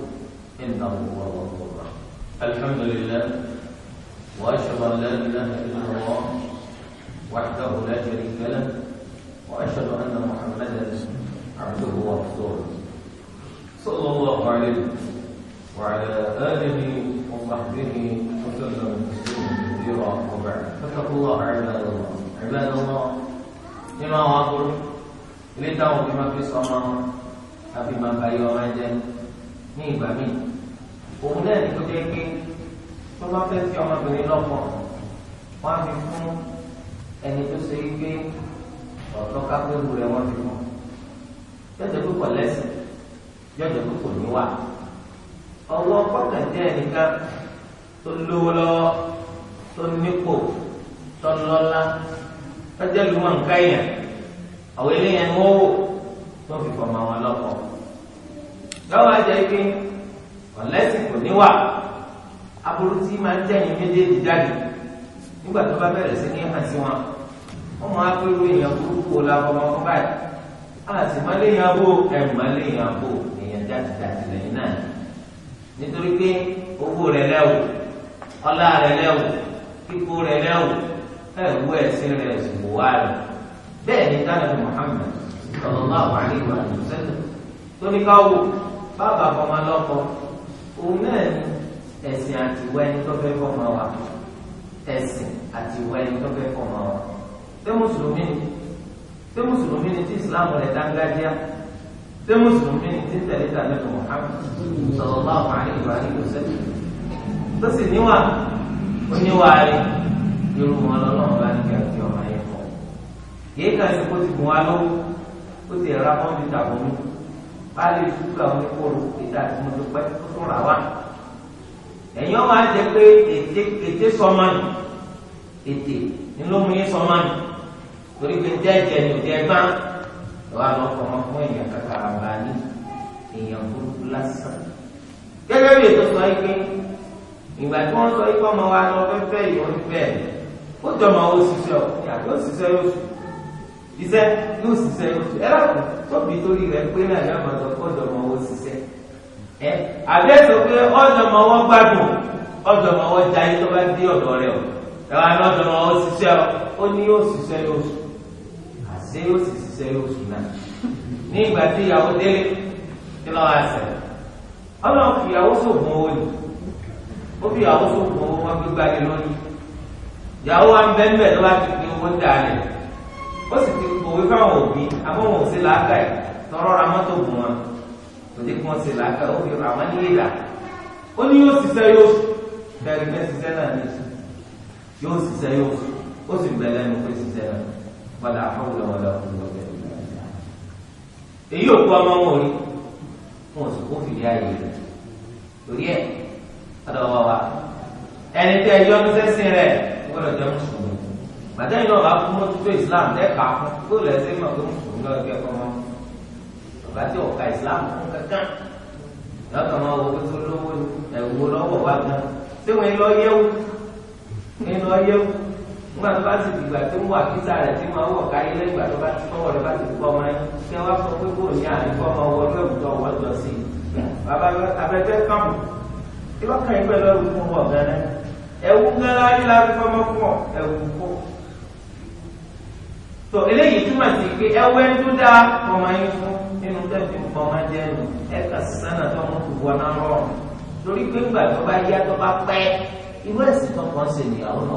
إنه هو الغفور الرحيم الحمد لله وأشهد أن لا إله إلا الله وحده لا شريك له وأشهد أن محمدا عبده ورسوله صلى الله عليه وعلى آله وصحبه وسلم تسليما كثيرا وبعد فاتقوا الله عباد الله عباد الله إما وأقول لتعوا بما في السماء أبي ما في وما جن ní ìgbà míì òun náà ní kó jẹ́ pé tó bá fẹ́ fi ọmọbìnrin lọ́pọ̀ wọ́n á fi fún ẹni tó ṣe é gbé ọ̀tọ́ kápẹ́rù rẹ̀ wọ́n fi mọ̀ tẹ́tẹ́ púpọ̀ lẹ́sìn yọjọ tó kò ní wà ọwọ́ kọkàndínlẹ nìkan tó lówó lọ́wọ́ tó nípò tó lọ́lá tọjá lùmọ nǹkan yẹn àwọn eléyẹn ń wọwọ tó fi fọmọ àwọn lọkọ lọ́wọ́ ajá ike ọlẹsìn kò ní wà aburú tí máa ń jẹyìn méjèèjì jáde nígbà tó bá bẹ̀rẹ̀ sí ní hàn wọn wọn máa èèyàn burúkú la ọmọ ọkọ báyìí àti má léèyàn bò ẹ̀ má léèyàn bò nàìjíríà ti ṣàtìlẹ́yìn náà nítorí pé owó rẹ̀ lẹ́wọ̀ ọlá rẹ̀ lẹ́wọ̀ kíkó rẹ̀ lẹ́wọ̀ ẹ̀wú ẹ̀sìn rẹ̀ òsìkò wá rẹ̀ bẹ́ẹ̀ ni tánàbí Muhammad sallallahu alaihi wa sallam torí káwọ́ bàbá fọmọ lọ́kọ òun náà ni ẹ̀sìn àtiwẹ́ ẹni tó fẹ́ fọmọ wa ẹ̀sìn àtiwẹ́ ẹni tó fẹ́ fọmọ wa ṣé mùsùlùmí ni ṣé mùsùlùmí ni tí ìsìláàmù rẹ̀ dáńgájíá ṣé mùsùlùmí ni ti tẹ̀lé tàbí Muhammad sallallahu alaihi wasallam tó sì níwà oníwàárí irú wọn lọ́lọ́run bá ní kí àti ọmọ ayé pọ̀ kìí kàn sí kó ti gùn wá lọ́wọ́ kó ti ra kọ́mpútà fún mi bá lè dúkà wọn kóró ìta àti mo ti pẹ́ tó tún rà wá lọ́wọ́ àwọn ọkọ̀ wọn fún èèyàn kàkàrà bá ní èèyàn burúkú lásán. gẹ́gẹ́ bí ètò sọ yìí pé ìgbà tí wọ́n sọ ikú ọmọ wa lọ fẹ́fẹ́ ìwọ́n fẹ́ ó jọ ọmọ owó ṣiṣẹ́ ọ yóò ṣiṣẹ́ yóò sùn iṣẹ́ yóò ṣiṣẹ́ yóò sùn ẹ̀rọ tóbi torí rẹ̀ pé náà yá máa sọ pé ọjọ́ ọmọ owó ṣiṣẹ́ ẹ àbẹ́sọ pé ọjọ́ ọmọ wọn gbádùn ọjọ́ ọmọ wọn jayé ṣiṣẹ́ lóṣù náà ní ìgbà tí ìyàwó délé kí lọ́ wá sẹ̀ ọlọ́run ìyàwó sògùn owó ni ó fi ìyàwó sògùn owó wọn gbígbá ni lórí ìyàwó wa ń bẹ́ ń bẹ̀ ló bá ti fi owó dà lẹ̀ ó sì ti kòwé fáwọn òbí abọ́wọ̀n ò sí làákà ẹ̀ tọrọ ra mọ́tò gùn wọn òde kí wọ́n sí làákà ó fi ra wọn ní ìlà ó ní yóò ṣiṣẹ́ yóò bẹ̀rẹ̀ bẹ́ẹ̀ ṣiṣẹ́ náà ní yóò ṣiṣẹ́ yóò ó sì bẹ̀rẹ̀ lẹ́nu pé ṣiṣẹ́ náà padà fáwọn èyí ò kú ọmọ wọn rí wọn ò sì kó fìdí ayé rẹ torí ẹ ọ̀dọ̀ wa wa ẹni tẹ ẹjọ ń sẹsìn rẹ gbọ́dọ̀ jẹ mùsùlùmí màtẹyìn náà bá fún mọtútù islam lẹka fún kó lẹsẹ mọ pé mùsùlùmí lọ kẹ́kọ̀ọ́ mọ bàbá tí ọkà islam fún kankan lọ́kàn máa wọ pẹ̀lú olówó ẹ̀wò lọ́wọ́ wa gan ṣé wọ́n ń lọ yẹ́wò ń lọ yẹ́wò nígbà tó bá sì dìgbà tó ń wà kíta rẹ̀ tí máa ń wọ̀ káyé lẹ́gbàá tó bá ti kọ́wọ́ rẹ̀ bá ti kọ́ ọmọ yín kí wọ́n sọ pé kò ní àdìgbò ọmọ wọn ní òkúta ọwọ́ lọ sí i. bàbá abẹ́tẹ́ kàn kí wọ́n kàn yín pẹ̀lú ẹrù fún wọn gan-an ẹ̀wù gan-an ayé la fún ọmọ fún ọ ẹ̀wù kó. tó eléyìí túmọ̀ sí pé ẹwẹ́ tó dá ọmọ yín fún nínú tẹ̀sí ọmọ jẹ́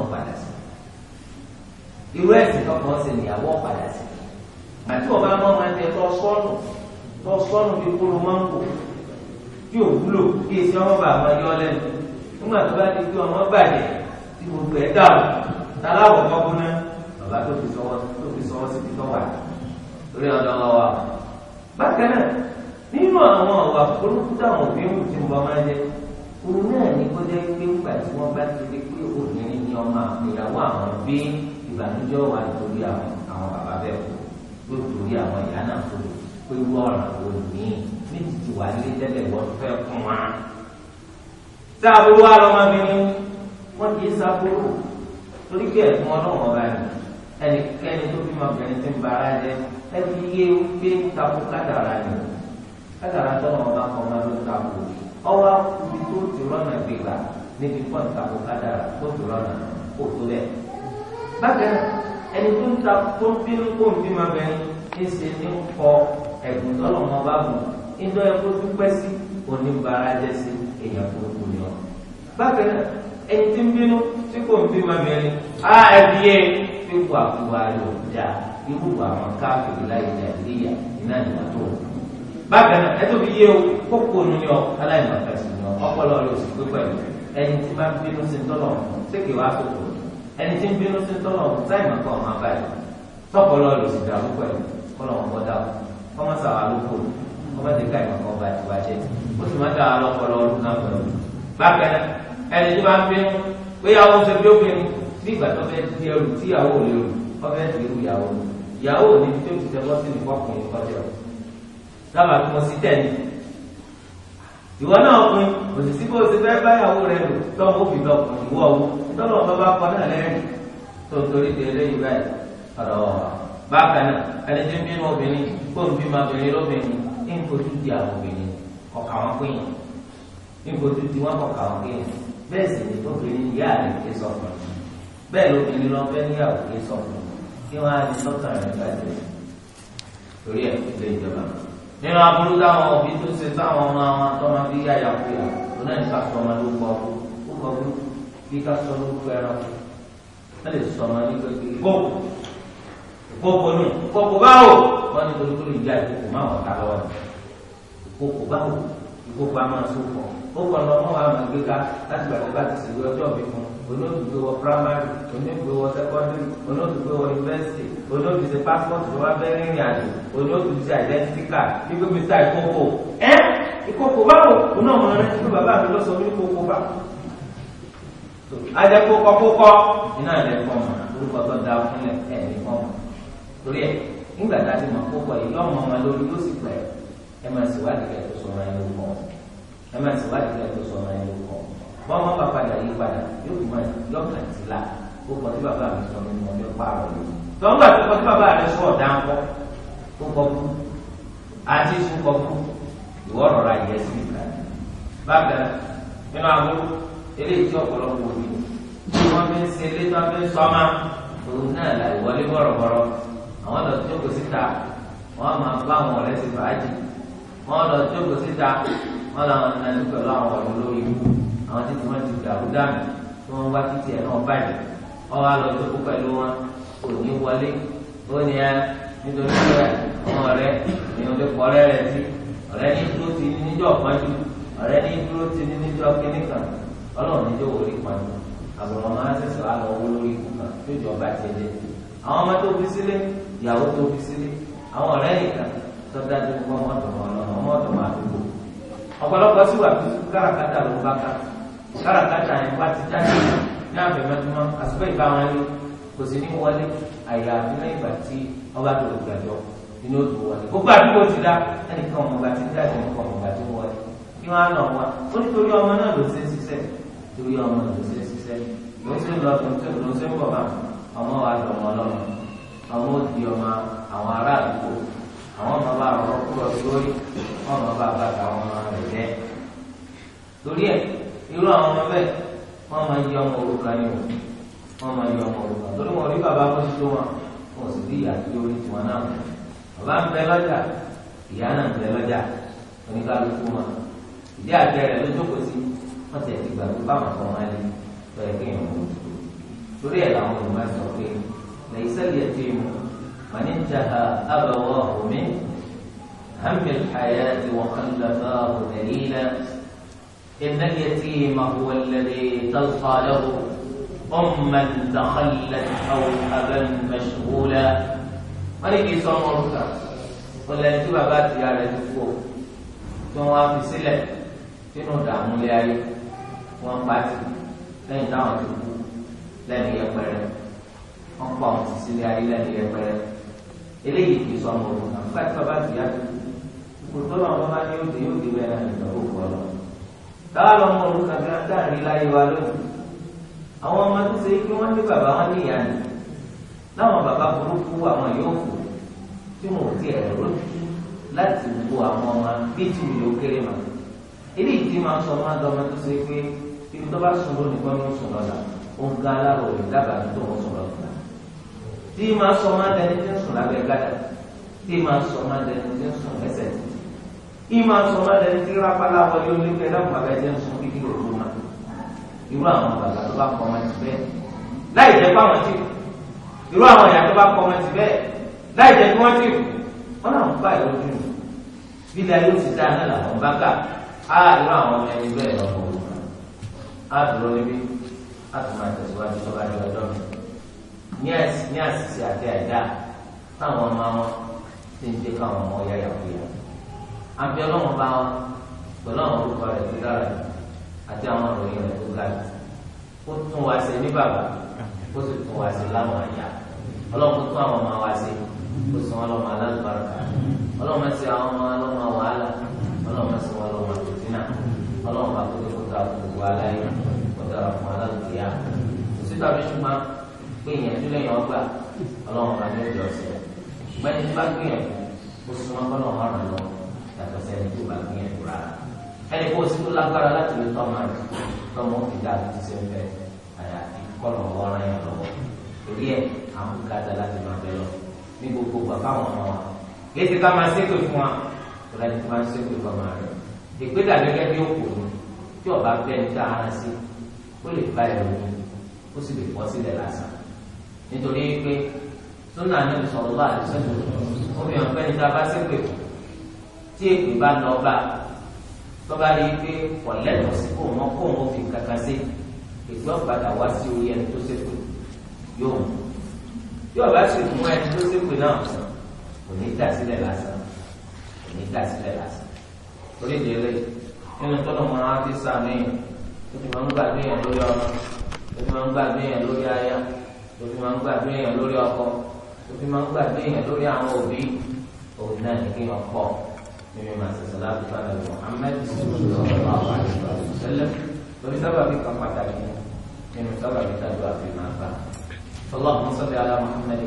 ẹ̀ka irú ẹ̀sìn tọkàn sí ìyàwó padà sí àti ọba máa máa tẹ tọ sọnù tọ sọnù bí kúrò máa ń kò bí òwúlò bí èsì ọmọ bàbá yọ lẹ́nu nígbà tó bá di pé ọmọ bàjẹ́ tí gbogbo ẹ̀ dà ó taláwọ̀ kọ́kọ́ náà bàbá tó fi sọwọ́ tó fi sọwọ́ síbi tó wà lórí ọ̀dọ́ wa bákan náà nínú àwọn ọ̀wà burúkú táwọn òbí ń ti bọ́ máa jẹ òun náà ní kó jẹ́ pé ń gbà tí wọ́n bá ti di pé òbí ní ọmọ àpèyàwó àwọn bíi ìbànújẹ́ wà nítorí àwọn àwọn bàbá bẹ́ẹ̀ kú yóò torí àwọn ìyá náà kú pé wọ́n ọ̀ràn wò ní méjì ti wà nílé tẹ́lẹ̀ wọ́n fẹ́ kún wa. tá a burú alọ́mọbìnrin wọ́n kì í sáfóró torí pé ẹ̀fún ọlọ́wọ́n ọba rẹ̀ ẹnikẹ́ni tó bí ọmọbìnrin ti ń bara jẹ ẹbí yé pé takò kádàrà ni kádàrà tọ́nà ọba kan máa ló takò ọwọ́ akutu tó ti rọ́nà gbégbá níbi pọ́ǹtakò kádàrà tó ti rọ́nà kó tó bẹ́ẹ̀ bákan ẹni tó ń ta tó ń bínú kó ń bí máa bẹ̀rẹ̀ ń ṣe ní kọ ẹ̀bùn tọ́lọ̀ wọn bá bùn ìjọ ẹ̀kọ́ dúpẹ́ sí oníbàárà jẹ́ sí èèyàn burúkú ni ọ. bákan ẹni tí ń bínú tí kò ń bí máa bẹ̀rẹ̀ á ẹbí ẹ fi kọ àfúwà rẹ̀ ọ̀dà irú àwọn káfíìrì láyé nàìjíríà náà ni wọ́n tó wọ̀. bákan ẹtọ́ fi yé o kókó nu ni ọ aláìmọ̀ọ́kà sí ni ọ ọpọlọ rẹ̀ ò sì pé pẹ̀lú ẹni tí bá ń bínú sí tọ́lọ̀ sí kì wá sókòó ẹni tí ń bínú sí tọ́lọ̀ sáì máa kọ́ ọmọ abáyé tọ́pọ̀ lọ lò sí dàrú pẹ̀lú kọ́ lọ́wọ́ kọ́ dà kọ́ má sàwà lóko kọ́ má ti ká ìmọ̀ kọ́ bá ti wá jẹ́ ó sì má dáa lọ́pọ̀lọ́ ọdún kan pẹ̀lú. bákan náà ẹni tí bá ń bínú pé ìyàwó ń tẹ̀lé obìnrin bí ìgbà tó fẹ́ di ẹrù tí ìyàwó ò lè rù wọ́n fẹ́ di irú ìyàwó ìyàwó ò ní tó ti tẹ́wọ́ sí nìkọ́kùnrin kọjá dábàá tó mọ sí tẹ̀lé ìwọ náà pin òṣìṣẹ́ bó ṣe fẹ́ báyàwó rẹ lò tọ́lọ̀ bá bá kọ́ náà lẹ́yìn tó torí ti eléyìí báyìí ọ̀rọ̀ bákan náà ẹni tí ń bínú obìnrin kó ń bímọ obìnrin lóbìnrin ń fojú di àwọn obìnrin ọ̀kà wọn péyàn ń fojú di wọn ọ̀kà wọn péyàn bẹ́ẹ̀ sì ni obìnrin ìyá rẹ̀ ké sọ fún un bẹ́ẹ̀ lóbìnrin lọ fẹ́ níyàwó ké sọ fún un kí wọ́n á ní sọ́kàn rẹ̀ gbàgbé torí ẹ̀ lè jọba nínú aburú táwọn òbí tó ṣe táwọn ọmọ àwọn tó máa yáyà kúyà lónà ìfàsọmọlúkọ ó kọ fún un bí ká sọ lórúkọ ẹranko wọn lè sọ ọmọ nípa ìgbèrè kókò kókò ní kókò báwo wọn ní torí kúrò ìjà ìkókò máa wọn ká lọ́wọ́ ni kókò báwo ìkókò àmọ́ sókò ó kọ lọ mọ àwọn àgbéga láti gbàgbé bá ti ṣèwé ọjọ́ mi fún onóògbé wọ primary onóògbé wọ secondary onóògbé wọ university onóògbé ṣe passport tó wá bẹ́ẹ̀ rìnrìn àjò onóògbé ṣe identity card gbígbé mi ta ìkókò ẹ ìkókò báwo onóògbé rẹ ti bàbá mi lọ sọ ní kókò báwo ajẹ́ kókọ́ kókọ́ iná rẹ̀ kọ́ mọ̀ orúkọ tó da fúnlẹ̀ ẹ̀ ní kọ́ mọ̀ torí ẹ̀ nígbà tá a ti mọ̀ kókọ́ yìí lọ́mọ ọmọ lórí yóò sì pẹ́ ẹ máa ṣèwádìí kẹ́ẹ̀ tó sọ̀rọ̀ ẹ̀ lórúkọ ẹ máa ṣèwádìí kẹ́ẹ̀ tó sọ̀rọ̀ ẹ̀ lórúkọ wọ́n mọ́ pàpàdà yí padà yóò fi máa lọ́kàn ti la kókọ́ tí bàbá mi sọ nínú ọjọ́ pààrọ̀ lórí tọ́gbà kókọ́ tí bàbá rẹ̀ sọ̀ dáńkọ́ kókọ́ eléyìí tí ọ̀pọ̀lọpọ̀ òbí tí wọ́n fi ń ṣe ilé tí wọ́n fi ń sọ́mà òun náà là ìwọlé bọ̀rọ̀bọ̀rọ̀ àwọn lọ jókòó síta wọ́n máa bá àwọn ọ̀rẹ́ sí fàájì wọ́n lọ jókòó síta wọ́n làwọn nàní pẹ̀lú àwọn ọ̀rẹ́ lórí ikú àwọn títí wọ́n ti dàrú dànù tí wọ́n wá títí ẹ̀ náà báyìí wọ́n wá lọ jókòó pẹ̀lú wọn kò ní wọlé ó ní ẹ nítorí pé àwọn ọ̀rẹ́ èèyàn lè pọ̀ ọ̀rẹ́ rẹ̀ sí ọ̀rẹ́ ní dúró ọlọ́run ní yóò wọlé kan ní àbọ̀rọ̀ máa tẹ̀sí wa lọ owó lórí ikú kan tó jọ bá tiẹ̀ jẹ́ àwọn ọmọ tó fi sílé ìyàwó tó fi sílé àwọn ọ̀rẹ́ nìkan tó dájú pé ọmọ ọ̀dọ̀ ọlọ́run ọmọ ọ̀dọ̀ máa dúró ọ̀pọ̀lọpọ̀ sì wà fún káràkátà ló bá ká káràkátà yẹn wá ti jáde ní àfẹ̀mẹ́túmọ́ àsìkò ìbá wọn ni kò sí ní wọlé àyàfi lẹ́yìn ìgbà tí ọba tó lè gbàjọ inú òtún wọlé gbogbo àdúgbò ti dá ẹnìkan ọmọ ọba ti jáde nìkan ọmọ ọba tó wọlé kí wọn á nà wá ó ọmọ náà ló ṣe é ṣiṣẹ́ torí ọmọ ìṣẹ̀ṣẹ̀ ṣiṣẹ́ ló ń sẹ́yìn lọ́tọ̀ ló ń sẹ́yìn bọ̀ bá ọmọ wa dọ̀ ọmọ ọlọ́run ọmọ òdì ọmọ àwọn ará àdúgbò àwọn ọmọ bá rọ kúrò lórí ọmọ bá bàtà àwọn ọmọ rẹ̀ jẹ́ torí ẹ̀ irú àwọn ọmọ bẹ́ẹ̀ wọ́n máa yí ọmọ òrùka ni o wọ́n máa yí ọmọ òrùka torí wọn rí bàbá kó sísó wọn wọn sì rí ìyá tí ó rí tiwọn náà bàbá ń bẹ lọ́jà ìyá náà ń bẹ lọ́jà oníkálukú wọn ìdí àgbẹ̀ rẹ̀ ló jókòó sí wọ́n ti ẹ̀sìn gbàgbé báwọn tó wọn lé tó yẹ kéèyàn mú un torí ẹ̀ làwọn olùmọ̀ sọ pé lẹ́yìn sẹ́lẹ̀ tí ti tó tori e lawon olumo so pe ní ha abawọ́ omi hàmì àyà ìwọ̀kànlọ́fà òdàlílà إن اليتيم هو الذي تلقى له tí تخلت أو wọ́n مشغولا ولكي lọ́wọ́ ركعه ọlẹ tí bàbá àti ìyá rẹ̀ ti kú tí wọn á fi sílẹ̀ sínú ìdààmú ilé ayé wọ́n pàtì lẹ́yìn táwọn ti kú lẹ́nu yẹpẹrẹ wọ́n pa àwọn títí lé ayé lẹ́nu yẹpẹrẹ eléyìí kì í sọ ọmọ òun àfúrà tí bàbá ti yá kò tó lọ́wọ́ bá ní òde yóò dé bẹ́ẹ̀ náà ìgbà òkú ọ̀lọ́ táwa lọ mọ òun kankan dáàrin láyé wa lónìí àwọn ọmọ tó ṣe pé wọ́n ní bàbá wọn ní ìyá ni láwọn bàbá burúkú àwọn yóò fò tí wọn ò ti ẹ̀rọ lójú láti wo àwọn ọmọ bíi tí mi ò kéré mà eléyìí tí máa sọ máa ń ọmọ tó ṣe pé tó bá sùn lónìí kọ́ ló ń sùn lọ́la ó ga aláwọ̀ rẹ̀ dábàá tó ń sùn lọ́la tí máa sọ máa dẹni tí ń sùn lábẹ́ gádà tí máa sọ máa dẹni tí ń sùn lẹ́sẹ̀ tí máa sọ máa dẹni tí rápálá wọlé olé pẹ́ dáhùn bàbá ẹ̀jẹ̀ ń sùn kíkí òru mà irú àwọn bàbá tó bá kọ́ ọmọ ti bẹ́ẹ̀ láì jẹ́ pé ti irú àwọn ìyá tó bá kọ́ ọmọ ti bẹ́ẹ̀ láì jẹ́ pé ti wọ́n àdúró níbí àtúmọ̀ àtẹ̀síwájú tó bá di ọjọ́ mi ní àṣìṣe àti àìdá táwọn ọmọ wọn ti ń dé káwọn ọmọ ọyá yà fún yà àbí ọlọ́run bá wọn pẹ̀lú àwọn orúkọ rẹ̀ tó dára jù àti àwọn ìròyìn rẹ̀ tó ga jù ó tún wá sí ní bàbá ó sì tún wá sí láwọn àyà ọlọ́run tún àwọn ọmọ wa sí ó sì wọn lọ́mọ alágbára ọlọ́run sì àwọn ọmọ ọlọ́mọ wàhálà ọlọ́run sì wọn lọ́mọ tòtínà ọlọ́run bá tó dé kó ta kú gbogbo aláyé ọ̀daràn fún aláàbò yá síta bí ṣùgbọ́n pé ìyẹ̀dú lẹ́yìn ọgbà ọlọ́run máa ní ìjọ ọ̀sẹ̀ ṣùgbọ́n ẹni tó bá gbìyànjú ó súnmọ́ kọ́nà ọ̀ràn lọ yàtọ̀ sẹ́ni tó bá gbìyànjú rárá ẹni kó o sì tó lágbára láti lè tọ́ máa tọ́mọ ìdá àti ṣe ń fẹ́ àyàfi kọ́nà ọ̀ràn yẹn lọ́wọ́ torí ẹ̀ àwọn bùkátà láti máa bẹ lọ ní gbogbo bàbá wọn náà kí ẹ ti ká máa ṣépè fún wa kó láti máa ṣépè fún ọmọ rẹ̀ ìpè dàbí tí ọba fẹ́ ní tí a máa sí ó lè gba ìròyìn ó sì lè bọ́ sílẹ̀ lásán nítorí pé súnà ní ìsọ̀rọ̀ bá àdìsọ́jọ́ omi ọ̀pẹ́ ní tí a bá ṣépè tí èpè bá lọ bá tó bá rí i pé ọ̀lẹ́tọ̀ sí kò wọ́n kó wọn fi kankan sí ìgbẹ́ ọ̀padà wá sí orí ẹni tó ṣépè yóò mú tí ọba sì mú ẹni tó ṣépè náà kò ní dá sílẹ̀ lásán kò ní dá sílẹ̀ lásán orí ìdílé nínú tọ́lọ̀ mọ́ ara ti sàmìyàn tó fi máa ń gbàgbé yẹn lórí ọmọ tó fi máa ń gbàgbé yẹn lórí aya tó fi máa ń gbàgbé yẹn lórí ọkọ tó fi máa ń gbàgbé yẹn lórí àwọn òbí òun náà ní kí wọ́n pọ̀ nínú màsísọ̀ láti fara lọ Muhammad sọ̀rọ̀ àwọn àdìgbà òṣèlè lórí sábàbí kan pàtàkì nínú sábàbí tájú àfi máa bá. اللهم صل على محمد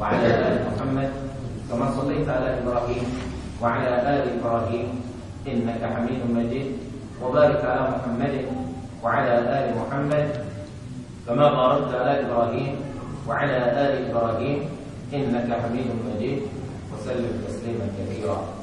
وعلى آل محمد كما صليت على إبراهيم وعلى آل إبراهيم إنك حميد مجيد وبارك على محمد وعلى آل محمد كما باركت على إبراهيم وعلى آل إبراهيم إنك حميد مجيد وسلم تسليما كثيرا